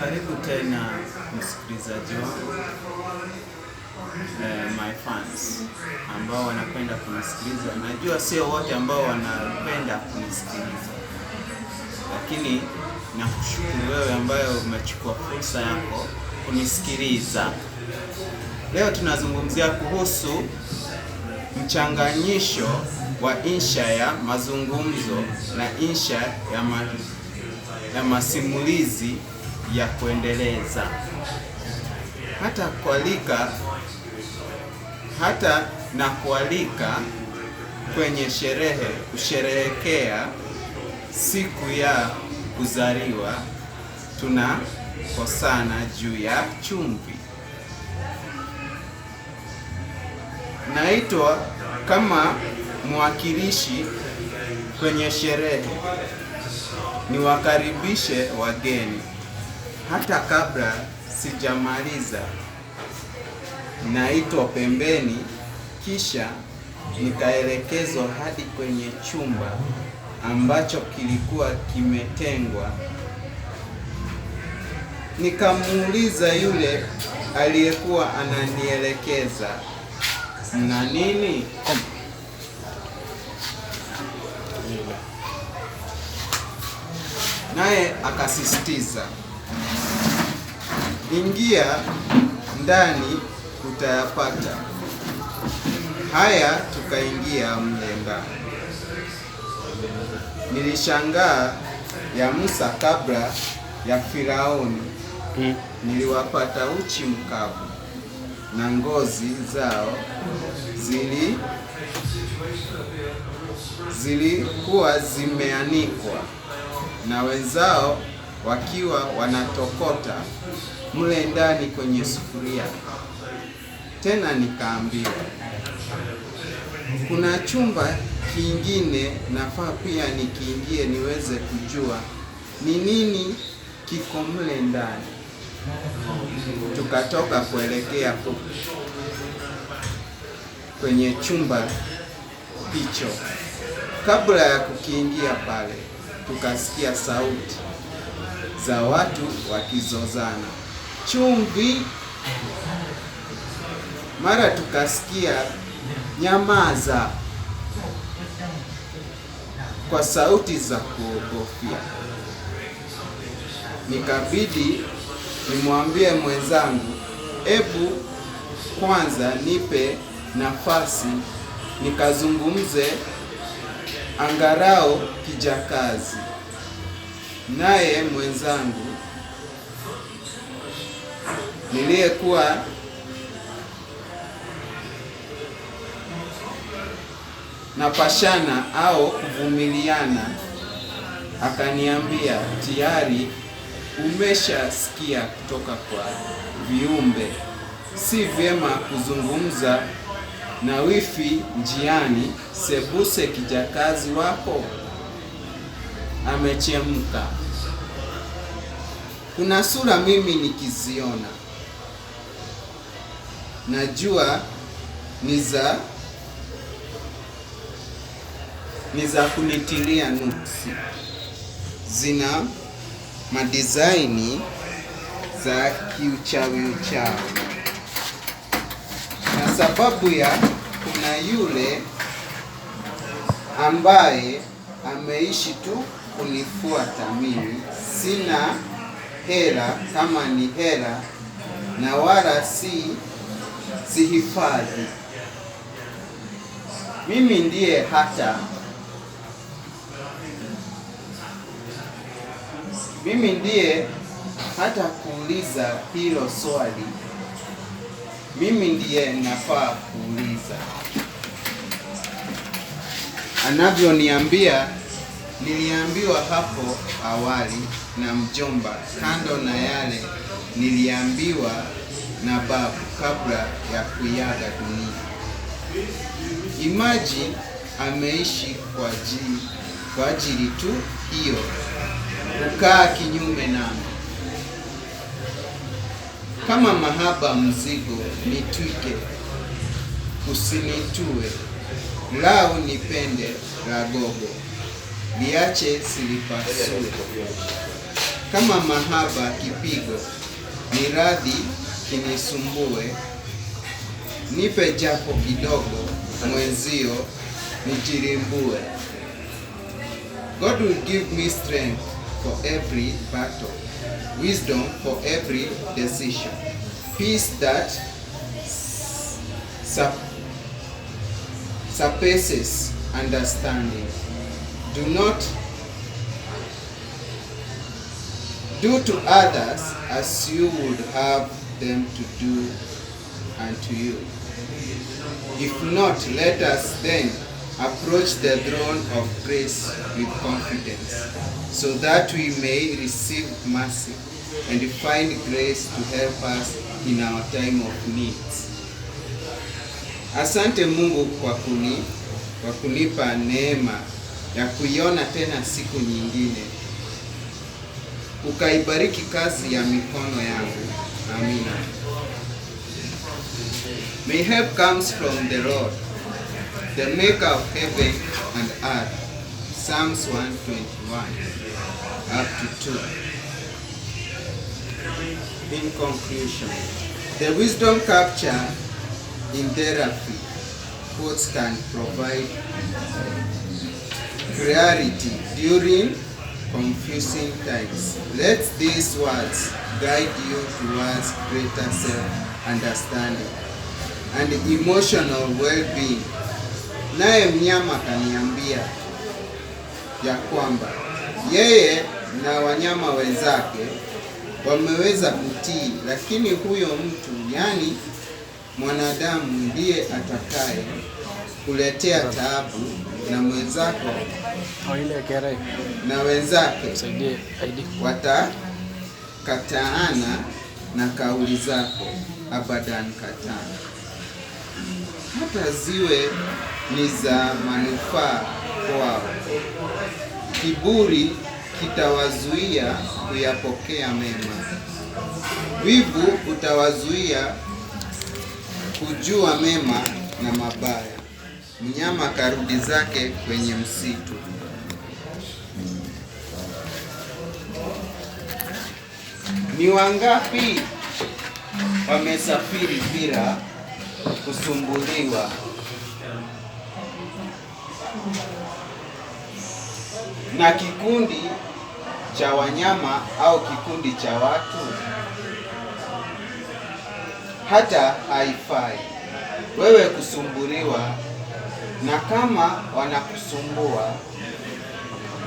Karibu tena msikilizaji wangu eh, my fans ambao wanapenda kunisikiliza. Najua sio wote ambao wanapenda kunisikiliza, lakini nakushukuru wewe ambayo umechukua fursa yako kunisikiliza. Leo tunazungumzia kuhusu mchanganyisho wa insha ya mazungumzo na insha ya ma na masimulizi ya kuendeleza hata kualika hata na kualika kwenye sherehe kusherehekea siku ya kuzaliwa. Tunakosana juu ya chumvi. Naitwa kama mwakilishi kwenye sherehe niwakaribishe wageni. Hata kabla sijamaliza, naitwa pembeni, kisha nikaelekezwa hadi kwenye chumba ambacho kilikuwa kimetengwa. Nikamuuliza yule aliyekuwa ananielekeza, mna nini? naye akasisitiza, ingia ndani utayapata haya. Tukaingia mle ndani. Nilishangaa ya Musa kabla ya Firaoni, hmm. niliwapata uchi mkavu na ngozi zao zili zilikuwa zimeanikwa na wenzao wakiwa wanatokota mle ndani kwenye sufuria. Tena nikaambiwa kuna chumba kingine nafaa pia nikiingie niweze kujua ni nini kiko mle ndani. Tukatoka kuelekea kwenye chumba hicho. Kabla ya kukiingia pale, tukasikia sauti za watu wakizozana, chumvi. Mara tukasikia nyamaza, kwa sauti za kuogofya. Nikabidi nimwambie mwenzangu, hebu kwanza nipe nafasi nikazungumze Angarao Kijakazi, naye mwenzangu niliyekuwa napashana au kuvumiliana akaniambia, tayari umeshasikia kutoka kwa viumbe, si vyema kuzungumza na wifi njiani, sebuse kijakazi wako amechemka. Kuna sura mimi nikiziona najua ni za ni za kunitilia nuksi, zina madizaini za kiuchawi uchawi sababu ya kuna yule ambaye ameishi tu kunifuata mimi, sina hela kama ni hela, na wala si sihifadhi. Mimi ndiye hata mimi ndiye hata kuuliza hilo swali mimi ndiye nafaa kuuliza. Anavyoniambia, niliambiwa hapo awali na mjomba, kando na yale niliambiwa na babu kabla ya kuiaga dunia. Imaji ameishi kwa ajili kwa ajili tu hiyo kukaa kinyume nami. Kama mahaba mzigo nitwike, usinitue, lau nipende ragogo, gogo, liache silipasue. Kama mahaba kipigo, ni radhi kinisumbue, nipe japo kidogo, mwenzio nijirimbue. God will give me strength for every battle. wisdom for every decision, peace that surpasses understanding. Do not do to others as you would have them to do unto you. If not, let us then approach the throne of grace with confidence, so that we may receive mercy and find grace to help us in our time of need. Asante Mungu kwa kuni, kwa kunipa neema ya kuiona tena siku nyingine. Ukaibariki kazi ya mikono yangu. Amina. May help comes from the Lord. the maker of heaven and earth. Psalms 121 up to 2. In conclusion, the wisdom capture in therapy quotes can provide clarity during confusing times. Let these words guide you towards greater self-understanding and emotional well-being naye mnyama akaniambia ya kwamba yeye na wanyama wenzake wameweza kutii, lakini huyo mtu, yaani mwanadamu, ndiye atakaye kuletea taabu na mwenzako na wenzake watakataana na kauli zako abadan, katana hata ziwe ni za manufaa kwao. Kiburi kitawazuia kuyapokea mema. Wivu utawazuia kujua mema na mabaya. Mnyama karudi zake kwenye msitu. Ni wangapi wamesafiri bila kusumbuliwa? na kikundi cha wanyama au kikundi cha watu? Hata haifai wewe kusumbuliwa, na kama wanakusumbua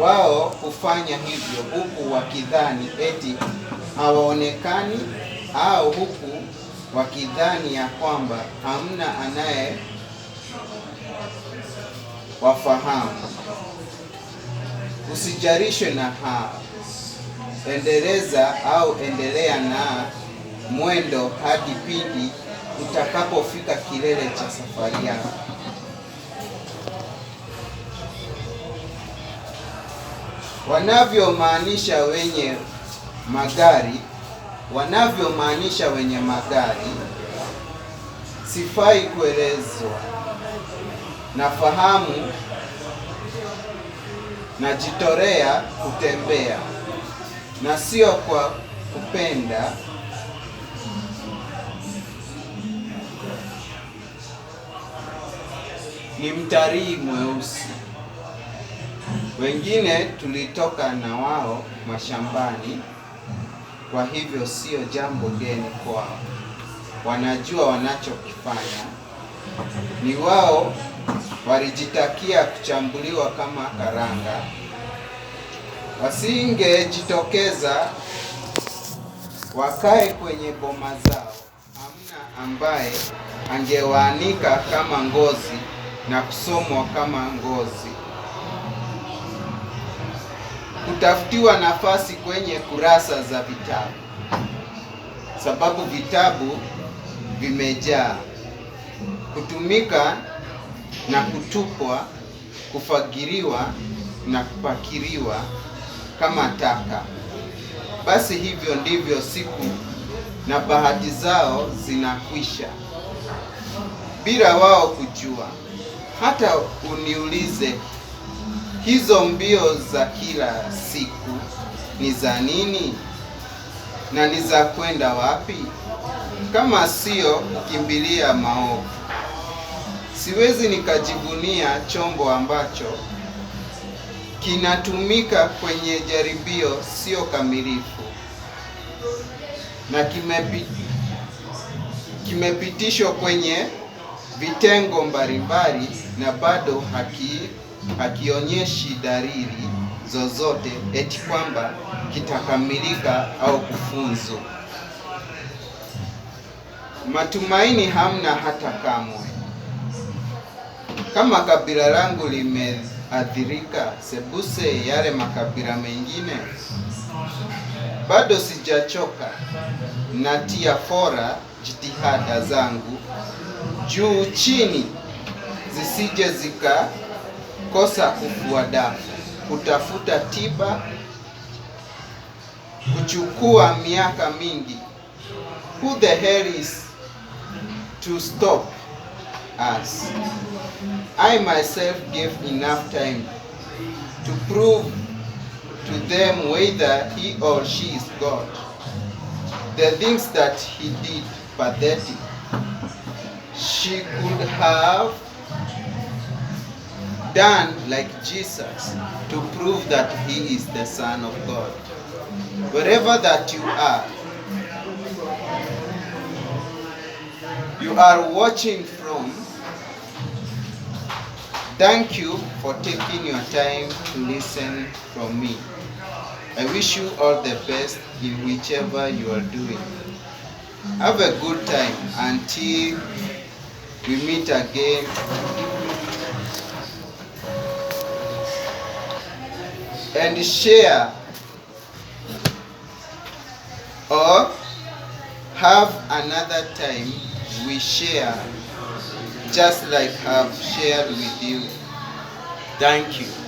wao hufanya hivyo huku wakidhani eti hawaonekani au huku wakidhani ya kwamba hamna anaye wafahamu. Usijarishwe na hao, endeleza au endelea na mwendo hadi pindi utakapofika kilele cha safari yako. Wanavyomaanisha wenye magari, wanavyomaanisha wenye magari, sifai kuelezwa nafahamu najitorea kutembea na sio kwa kupenda ni mtarii mweusi. Wengine tulitoka na wao mashambani, kwa hivyo sio jambo geni kwao. Wanajua wanachokifanya, ni wao walijitakia kuchambuliwa kama karanga. Wasingejitokeza wakae kwenye boma zao, hamna ambaye angewaanika kama ngozi na kusomwa kama ngozi, kutafutiwa nafasi kwenye kurasa za vitabu, sababu vitabu vimejaa, kutumika na kutupwa, kufagiriwa na kupakiliwa kama taka. Basi hivyo ndivyo siku na bahati zao zinakwisha bila wao kujua. Hata uniulize hizo mbio za kila siku ni za nini na ni za kwenda wapi, kama sio kukimbilia maovu? siwezi nikajivunia chombo ambacho kinatumika kwenye jaribio sio kamilifu na kimepi, kimepitishwa kwenye vitengo mbalimbali na bado haki, hakionyeshi dalili zozote eti kwamba kitakamilika au kufunzu. Matumaini hamna hata kamwe. Kama kabila langu limeathirika, sebuse yale makabila mengine. Bado sijachoka, natia fora jitihada zangu juu chini, zisije zikakosa kufua dafu, kutafuta tiba kuchukua miaka mingi. Who the hell is to stop us. I myself gave enough time to prove to them whether he or she is God. The things that he did, pathetic. She could have done like Jesus to prove that he is the Son of God. Wherever that you are, you are watching from Thank you for taking your time to listen from me. I wish you all the best in whichever you are doing. Have a good time until we meet again. And share or have another time we share just like I've shared with you. Thank you.